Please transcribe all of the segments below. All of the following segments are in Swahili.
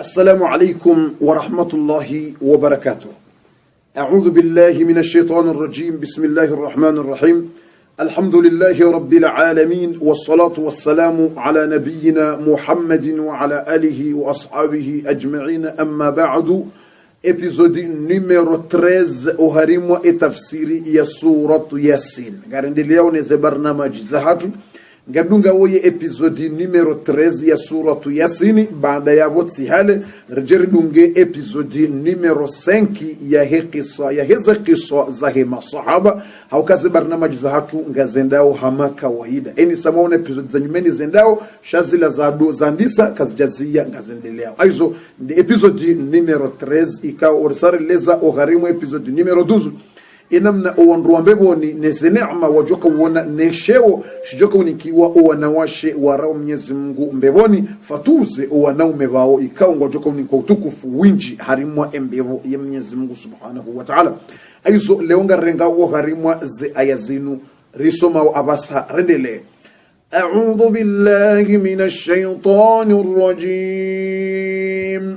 السلام عليكم ورحمة الله وبركاته أعوذ بالله من الشيطان الرجيم بسم الله الرحمن الرحيم الحمد لله رب العالمين والصلاة والسلام على نبينا محمد وعلى آله وأصحابه أجمعين أما بعد episode numero 13 uharimwa itafsiri ya suratu yasin garendelea uneze barnamaji za nga woye episodi numero 13 ya suratu Yasini. Baada ya wotsi hale rejeri dunge episodi numero 5 ya kiswa ya heza kisa za hema sahaba haukaze barnamaji za hatu nga zendao hama kawaida eni samaona episodi za nyumeni zendao shazila za adu za ndisa kazijazia nga zendeleo aizo ndi episodi numero 13 ikawa leza ogharimu episodi numero 12 inamna e owanduwambevoni neze nema wajoka uona neshewo shijoka unikiwa owanawashe warao mnyezi Mungu mbevoni fatuze owanaume vao ikao ngwajoka unikwa utukufu winji harimwa embevo ya mnyezi Mungu subhanahu wa ta'ala aizo leonga rengawo harimwa ze aya zinu risomao abasa rendele A'udhu billahi minash shaitani الرجيم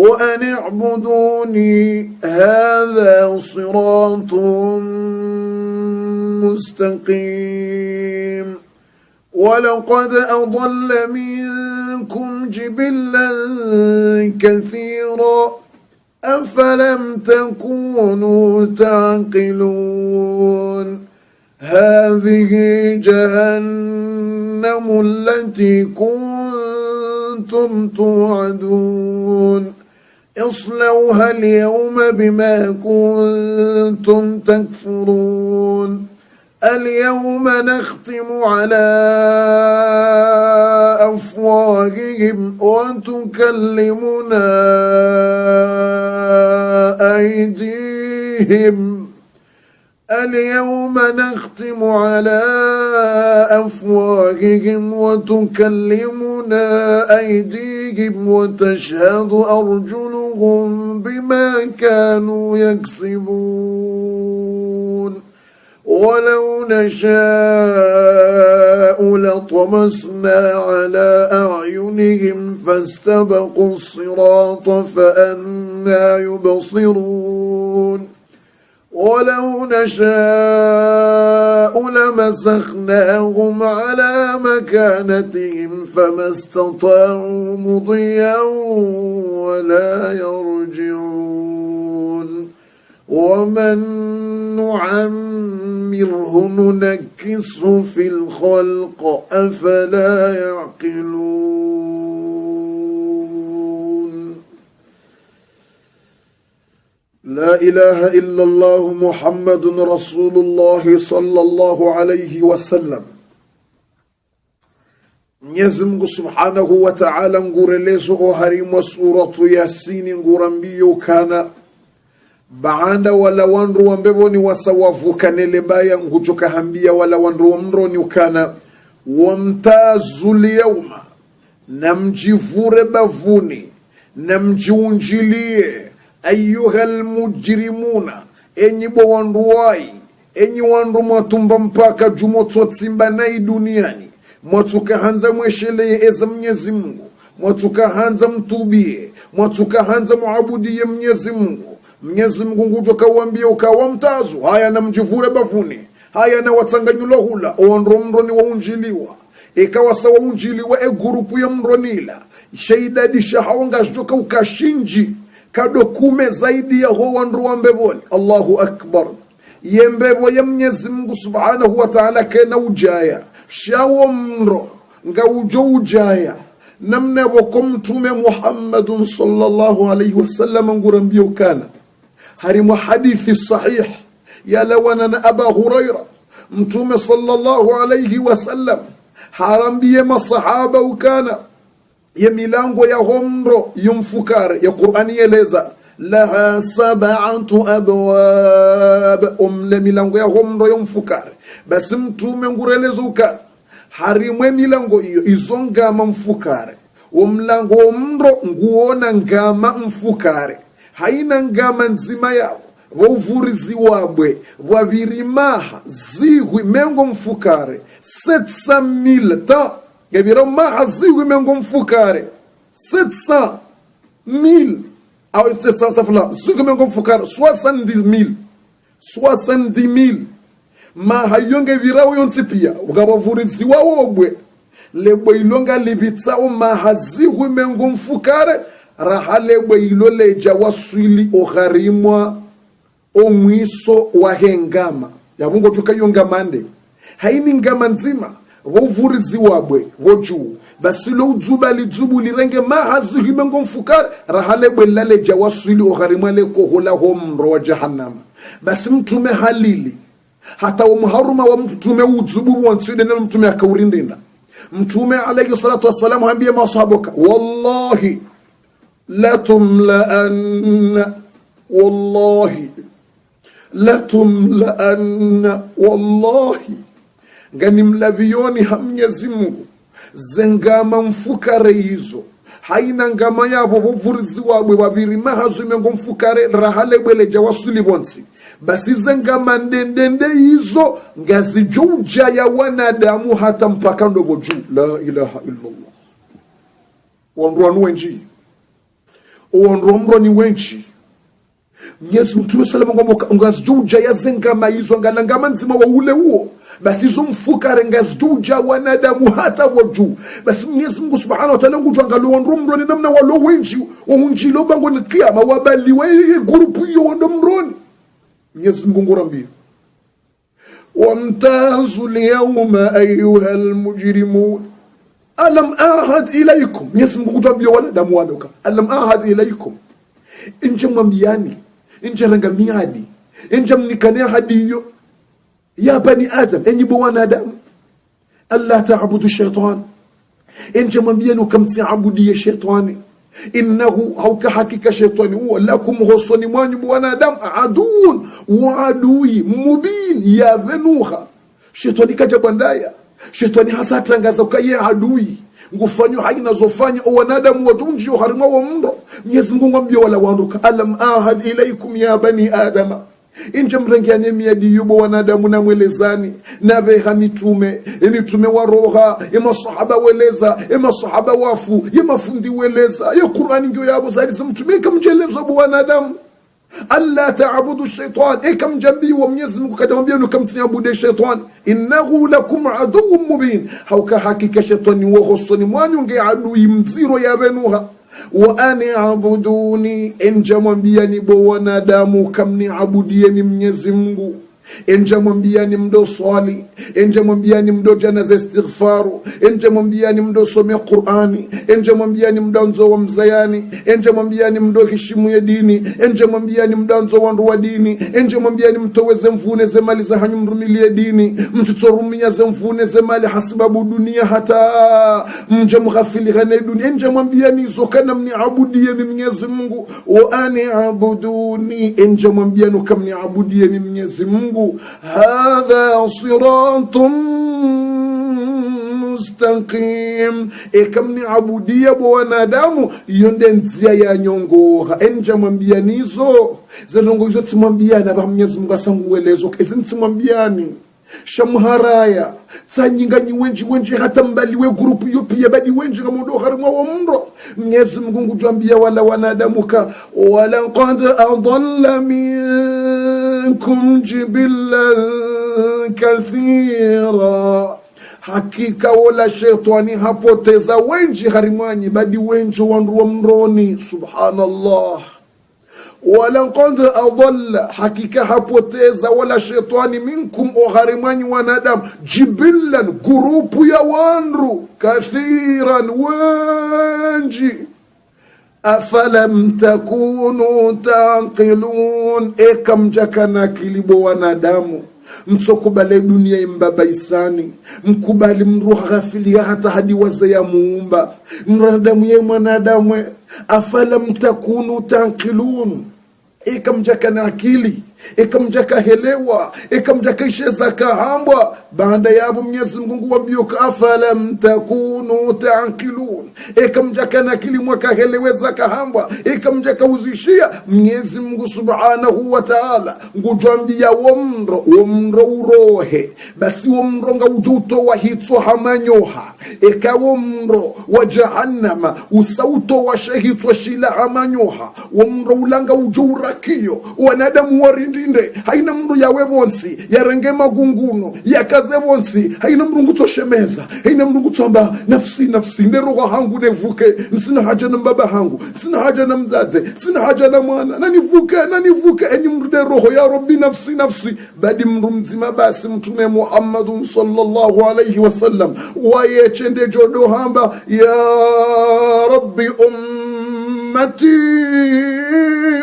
وأن اعبدوني هذا صراط مستقيم ولقد أضل منكم جبلا كثيرا أفلم تكونوا تعقلون هذه جهنم التي كنتم توعدون اصلوها اليوم بما كنتم تكفرون اليوم نختم على أفواههم وتكلمنا أيديهم اليوم نختم على أفواههم وتكلمنا أيديهم وتشهد أرجلهم نبلوهم بما كانوا يكسبون ولو نشاء لطمسنا على أعينهم فاستبقوا الصراط فأنا يبصرون ولو نشاء لمسخناهم على مكانتهم فما استطاعوا مضيا ولا يرجعون ومن نعمره ننكسه في الخلق أفلا يعقلون لا إله إلا الله محمد رسول الله صلى الله عليه wasallam. Mwenyezi Mungu subhanahu wa taala ngurelezo oharimwa suratu yasini ngurambiyo kana baanda wala wandu wambevoni wasawavukanele baya nguchokahambia wala wandu wamroni ukana wamtazulyauma namjivure bavuni namjiunjilie ayuha mujrimuna, enyi bowanduwai enyi wandu mwatumba mpaka jumotwatsimba nai duniani mwatukahanza mwesheleye eza mnyezi Mungu mwatukahanza mtubie mwatukahanza muabudiye mnyezi Mungu mnyezi Mungu ngujwa kawambia ukawa mtazu haya na mjivure bavuni haya na watsanganyula hula owandu mndoni waunjiliwa ikawa sawaunjiliwa egurupu ya mndonila sheidadisha haongashoka ukashinji kadokume zaidi ya howanruwa mbevoli allahu akbar yembevo ya mnyezi mungu subhanahu wa taala kena ujaya shawo mro nga ujo ujaya namne voko mtume muhammadun sallallahu alaihi wasallam ngurambia ukana harimo hadithi sahih yalawanana aba huraira mtume sallallahu alaihi wasallam harambie masahaba ukana ya milango ya hombro yomfukare ya Qur'ani yeleza laha sab'atu abwab, omle milango ya hombro yomfukare. Basi mtume ngureleza ukare harimwe milango iyo izongama mfukare wo mlango nguona ngama mfukare haina ngama nzima yawo wauvurizi wabwe wavirimaha zihwi mengo mfukare 700 ta gabiroma azigu mengo mfukare 700 000 au 700 safla zigu mengo mfukare 70 000 70 000 ma hayonge virawo yonsi pia ukabavurizi wawobwe lebwe ilonga libitsawo mahazihu mengo mfukare raha lebwe ilo leja waswili ogharimwa omwiso wahengama yavungo tukayongamande haini ngama nzima vovurizi wabwe vojuwu basilo udzuba lidzubu lirenge mahazi himengo mfukara rahale bwella leja waswili ogharimwa lekohola ho mro wa jahannama basi mtume halili hata muharuma wa mtume udzubu na mtume akaurindina mtume alayhi salatu wassalamu ambie masahaboka wallahi latumlaanna wallahi latumlaanna wallahi mlavioni ha mnyezi mungu zengama mfukare izo ngama yavo vovurizi wabwe vavirima hazimengo mfukare rahale bweleja wasuli vonsi basi zengama ndendende izo ngazi juja ya wanadamu hata mpaka ndogo juu la ilaha illallah wandwanu wenji uwandwa mroni wenji mnyezi mtume salama juja ya zengama izo ngama nzima wa ule uo basi hizo mfuka rengazijuja wanadamu hata wajuu basi mwenyezi mungu subhanahu wa taala ngutwangaliwondromroni namna walo wenji walowinji bango ubangoni kiama wabali wabaliwa gurupu iyo wondo mroni mwenyezi mungu ngurambia wamtazu lyauma ayuha lmujrimun alam ahad ilaikum mwenyezi mungu kutwambia wanadamu wadoka alam ahad ilaikum inje mwambiani inje ranga inje mnikane hadi hiyo ya bani Adam, enyi bo wanadamu, alla taabudu shaitan enje mwambieni ukamtiabudie shaitani, innahu hauka hakika shaitani huwa lakum ghosoni mwanyu wanadamu, aduun wa adui mubin venuha shaitani kaja bandaya shaitani hasa tangaza ukaye adui ngufanyo haki nazofanya wanadamu watunji harimwa wa mndo Mwenyezi Mungu ngwambia wala wanduka alam ahad ilaikum ya bani adama inje mrengeanemiadiyobo wanadamu namwelezani naveha mitume emitume waroha emasahaba weleza emasahaba wafu yemafundi weleza ye qurani ngio yabo zaliza mtume ikamjelezwabo e wanadamu alla taabudu shaitan ikamjambiwa e mwenyezi mungu katamwambia nukamtiabude shaitan innahu lakum aduun mubin hauka hakika shaitani wohosoni mwanyunge adui mziro yavenuha wa ani abuduni, enja mwambia ni bo wanadamu, kamniabudieni Mwenyezi Mungu Enje ni mdo swali, enje ni mdo jana za istighfaru, enje ni mdo some Qur'ani, enje ni mdo nzo wa mzayani, enje ni mdo heshimu ya dini, enje ni mdo nzo wa wa dini, enje mwambiani mtoweze mvune ze mali za hanyu mrumilie dini, mtutsorumia ze mvune ze mali hasibabu dunia hata mje mghafili gane dunia, enje mwambiani zo kana mniabudie mimi Mwenyezi Mungu wa ani abuduni, enje mwambiani kamniabudie mimi Mwenyezi Mungu ربه هذا صراط mustaqim e kamniabudia bwa wanadamu iyo nde nzia ya nyongoha enjamwambianizo yaani zatongo izo tsimwambiana va mnyezi mungu asanguwelezo ezi nitsimwambiani shamharaya tsanyinganyi wenji wenji hata mbaliwe gurupu iyo pia badi wenji ngamundo harimwa wa mndo mnyezi mungu ngujwambia wala wanadamuka walaqad adalla min عنكم جبلا kathira, hakika wala shetani hapoteza wenji harimwanyi badi wenji wanduwa mroni. Subhanallah. walaqad adalla, hakika hapoteza wala shetani minkum o harimwanyi wanadamu jibilan, gurupu ya wandu kathiran wenji afalam takunu taqilun, ekamjakana akilibo wanadamu msokubale dunia imbabaisani mkubali mruha ghafili hata hadi waze ya muumba mwanadamu ye mwanadamu afalam takunu taqilun, ekamjakana akili kahelewa ikamja ikamjakaisheza kahambwa baada yavo Mwenyezi Mungu wamjuka afalam takunu taakilun ikamjaka nakilimwa kaheleweza kahambwa ikamja kauzishia mnyezi Mungu subhanahu wa taala ngujwamjiya womro womro urohe basi womro ngaujuto wahitso hamanyoha eka womro wa jahannama usauto washehitso shila hamanyoha womro ulanga ujourakiyo wanadamu wari ndinde haina mndu yawe vonsi yarenge magunguno yakaze vonsi haina mrungu tsoshemeza haina mrungu tsamba nafsi nafsi nderoho hangu nevuke nsina haja na mbaba hangu nsina haja na mzadze nsina haja na mwana nanivuke nanivuke enyi mrude roho ya robi nafsi nafsi badi mndu mzima basi mtume muhammadun sallallahu alaihi wasallam wayechendejodohamba ya rabbi um ummati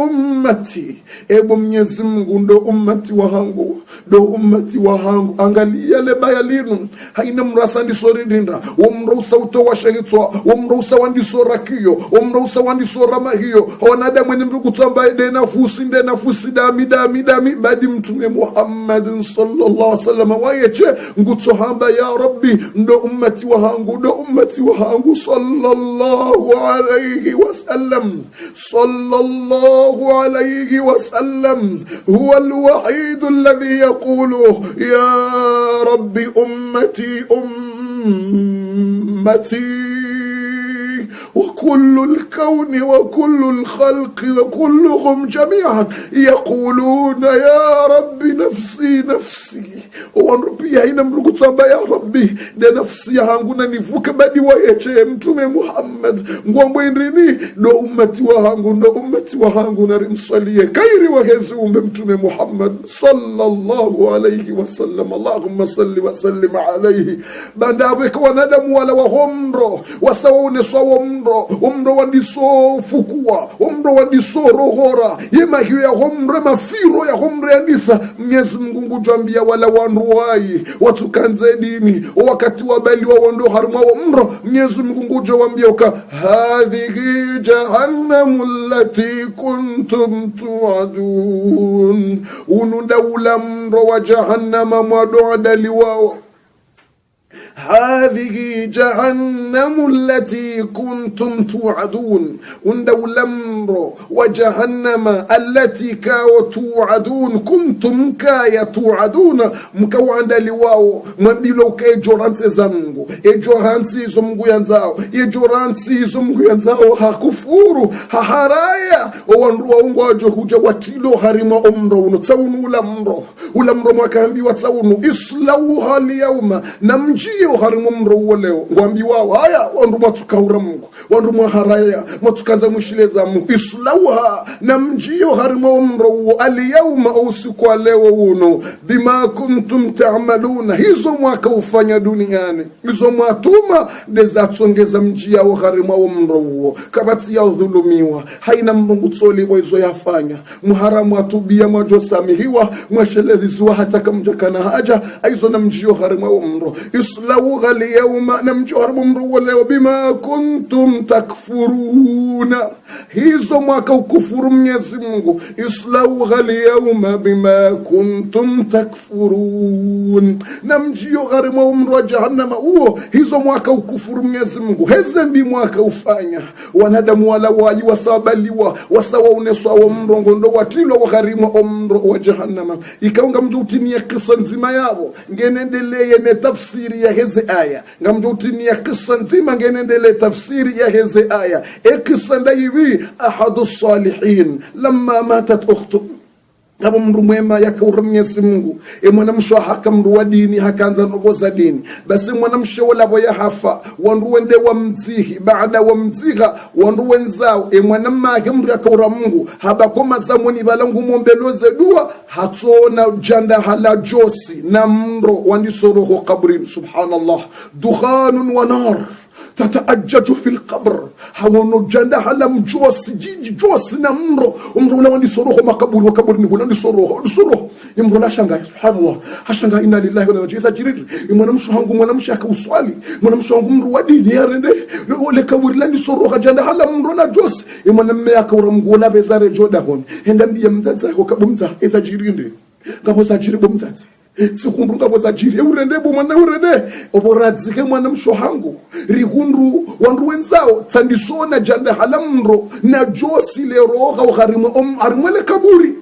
ummati, ebo mnyezi Mungu ndo ummati wahangu, ndo ummati wahangu. Angalia lebaya linu haina mrasa ndisoridinda womrausa utowashahitwa womrausa wandisorakiyo womrausa wandisorama hiyo wanadamu ene mrikutambaye denafusi ndenafusi dami dami dami badi Mtume Muhammadin sallallahu alaihi wasallam wayeche ngutsohamba ya Rabbi ndo ummati wahangu ndo ummati wahangu sallallahu alaihi wasallam وسلم صلى الله عليه وسلم هو الوحيد الذي يقول يا رب أمتي أمتي وكل الكون وكل الخلق وكلهم جميعا يقولون ya rabbi nafsi nafsi. Wanu pia ina mrugu tsamba ya rabbi de nafsi yangu nanivuke badi wayeche mtume Muhammad ngwambo indini do ummati wa hangu ummati wa hangu narimsalie kairi wahezi umbe mtume Muhammad sallallahu alayhi wasallam allahumma salli wasallim alayhi bandaweka wanadamu wala wahomro wasawaune sawa homro omro wadiso fukua omro wadiso rohora yemakio ya homre mafiro ya homre mnyezi mngu ngujambia wala wanruwai watukanze dini wakati wabaliwa wando harumwa omro mnyezi mngu nguja wambia uka hadhihi jahannamu lati kuntum tuadun unudaula mro wa jahannama mwadoadaliwao hadhihi jahannam jahannamu allati kuntum tuadun unda ulamro wa jahannama allati kawa tuadun kuntum kaya tuaduna mkauandaliwao mwambilo ukaejoransi za mngu ejoransi izo mngu yanzao ejoransi izo mngu yanzao hakufuru haharaya owandu waungu wajo huja watilo harima omro uno tsaunu ulamro ulamro mwakaambiwa tsaunu islauha lyauma namjie uharima omro uwo leo ngwambiwawa haya wandu mwatsukaura mungu wandu mwaharaya mwatsukanza mwishileza mungu islauha na mjiyo harimo omro uo aliyauma ousiku wa leo uno bima kuntum tamaluna hizo mwaka ufanya duniani izo mwatuma nezatsongeza mji yawo harimo uo uwo kabatsi yadhulumiwa haina mrungu tsoliwo izo yafanya muharamu atubia mwajosamihiwa mwasheleziziwa hata kamjakana haja aizo na mjiyo harimo omro islauha liyauma na mjiyo harimo omro awwala bima kuntum takfuruna, hizo mwaka ukufuru mnyezi Mungu. Islauha lyauma bima kuntum takfurun, na mjio gharima mwa wa jahannama huo, hizo mwaka ukufuru mnyezi Mungu. hezembi mwaka ufanya wanadamu wala wasawabaliwa wasabaliwa wasawaoneswawo mrongo ndo watilwa wagharimwa omro wa jahannama ikaunga mja utinia kisa nzima yavo ngenendeleye ne tafsiri ya heze aya ngamja utinia kisa nzima ngenende ile tafsiri ya hizi aya ikisanda hivi ahadu salihin lamma matat ukhtu kama mndu mwema yakaura mnyezi mungu emwanamsho haka mndu wa dini hakanza za dini basi mwanamsho walavo yahafa wandu wende wamdzihi baada wamdziha wandu wenzao imwanamake e mndu yakaura mungu habakomazamuni valangu mombeloze dua hatsona janda hala josi na mndo wandisoroho kabrini subhanallah dukhanun wa nar tataajaju fi lqabr hawonojanda halamjua sijiji josi na mro umro ulawandisoroho makaburi wa kaburi wakaburi nigulandisoroho disoroho imro nashanga subhanallah hashanga inna lillahi wa inna ilaihi rajiun mwanamsho hangu mwanamsho akauswali mwanamsho hangu mro wa dini yarende le kaburi la landisoroha janda mro na josi imwanamme akaura mngu olabezare jodahon henda mbiya mzazi ako kabumza ezajirinde ngabo zajiri bomzazi sikundu ukavoza jiri eurende bo mwana eurende mwana msho hangu rikundu wandu wenzao tsandisona jande hala mndo na josi leroga ukharimwe arimwele kaburi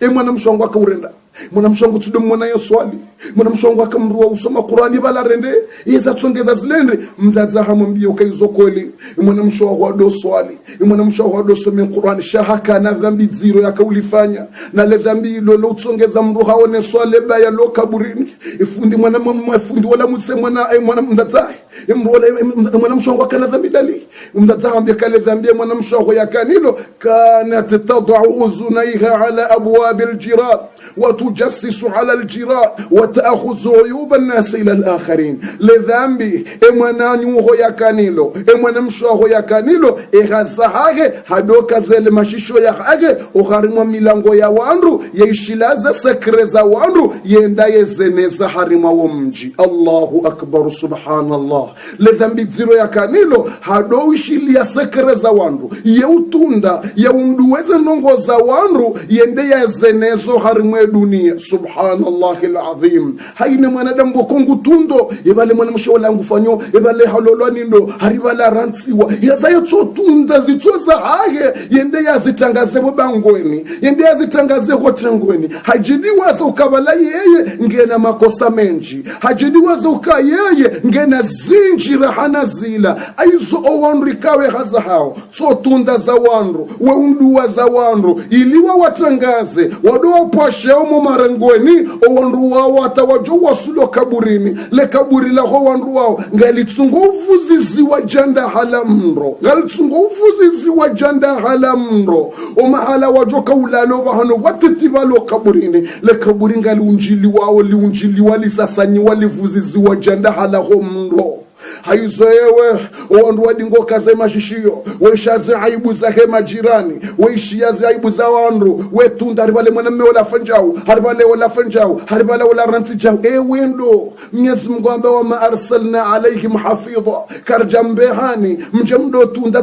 e mwana msho hangu akaurenda mwana mshongo tude mwana yoswali mwana mshongo akamrua usoma Qur'ani bala rende yeza tsongeza zilende mzaza hamwambie ukaizo kweli mwana mshongo wado swali mwana mshongo wado some Qur'ani shahaka na dhambi ziro yakaulifanya na le dhambi lo lo tsongeza mru haone swale baya lo kaburini ifundi mwana mfundi wala mutse mwana ay eh, mwana mzadza imrola eh, eh, mwana mshongo kana dhambi dali mzaza hamwambie kale dhambi mwana mshongo yakanilo kana tatadu uzunaiha ala abwabil jirat watu tujassisu ala ljiran wataakhudhu uyuba nnasi ila lakharin ledhambi emwananyuho yakanilo emwanamshwaho yakanilo eghasa hage hadokazele mashisho yahage oharimwa milango ya wandu yeishilaze sekre za wandu yenda yezeneza harimwa wo mji allahu akbaru subhanallah ledhambi dziro yakanilo hadoushilia sekre za wandu yeutunda yaunduweze ndongo za wandu yende yezenezo harimwe duni mimi subhanallahi alazim haina mwanadamu bokongu tundo yebale mwana fanyo yebale halolwanindo haribala rantsiwa yazayo tsotunda zitsoza haye yende yazitangaze bobangweni yende yazitangaze kotengweni hajidiwaza ukabala yeye ngena makosa menji hajidiwaza uka yeye ngena zinjira hana zila aizo owandu ikawe haza hao tsotunda za wandu weunduwa za wanru iliwa watangaze wadowa marengweni wawo atawajo wasulo kaburini le kaburi laho wandu ngalitsungovu ziziwa janda hala mro ngalitsungovu ziziwa janda hala o omahala wajo kaulalo vahano watetivalo kaburini le kaburi ngaliunjiliwao liunjiliwa lisasanyiwa livuziziwa janda mro haizoewe waondoa dingoka ze mashishiyo weishaze aibu zahe majirani weishiyaze aibu za wandu wetunda harivale mwanamme wolafanjau harivale wolafanjau harivale wolarancijau ewendo mnyezi mungu ambe wa arsalna alaihim hafidha karja mbehani mje mdo tunda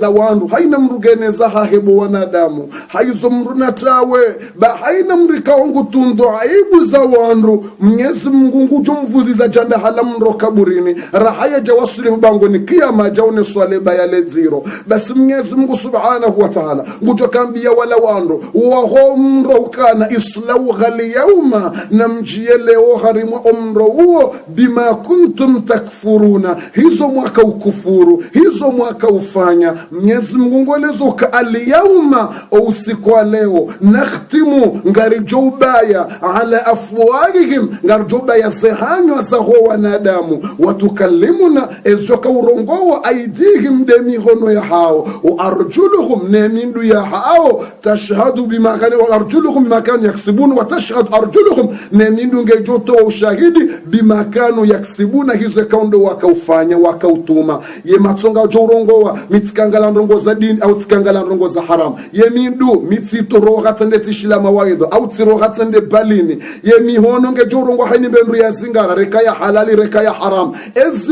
za wandu haina mrugeneza hahebo wanadamu haizo tawe ba haina mrikaongu tundo aibu za wandu mnyezi mungu za janda hala mro kaburini rahaya eja wasuli ni kiyama swale baya le ziro basi mnyezi mngu subhanahu wa taala ngutokambia wala wando wahomro ukana ghali yauma leo harimwa omro uo bima kuntum takfuruna hizo mwaka ukufuru hizo mwaka ufanya mnyezi mngu ngwelezoka alyauma ousiku usikwa leo nakhtimu ngarijo ubaya ala afwahihim ngarijo ubaya zehanywa zaho wanadamu watukalimuna bona ezoka urongowa aidihim de mihono ya hao waarjuluhum nemindu ya hao tashhadu bimakani waarjuluhum bimakani yaksibun watashhadu arjuluhum nemindu ngejotoa ushahidi bimakanu yaksibuna hizo yakaundo wakaufanya wakautuma ye matsonga jo urongowa mitsikangala ndongo za dini au tsikangala ndongo za haramu ye mindu mitsito mitsitoroha tsende tsishila mawaido au tsiroha tsende balini ye mihono ngejo urongo haini mbendru ya zingara reka ya halali reka ya haramu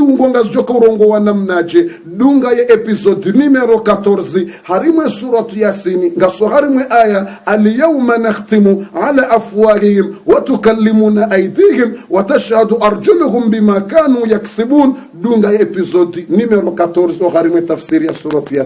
ungo zongazicoka urongo wa namnaje dunga ye episode numero 14 harimwe suratu yasini ngaso harimwe aya alyauma nakhtimu ala afwahihim watukallimuna aidihim watashhadu arjuluhum bima kanu yaksibun dunga ye episode numero 14 harimwe tafsiri ya suratu yasini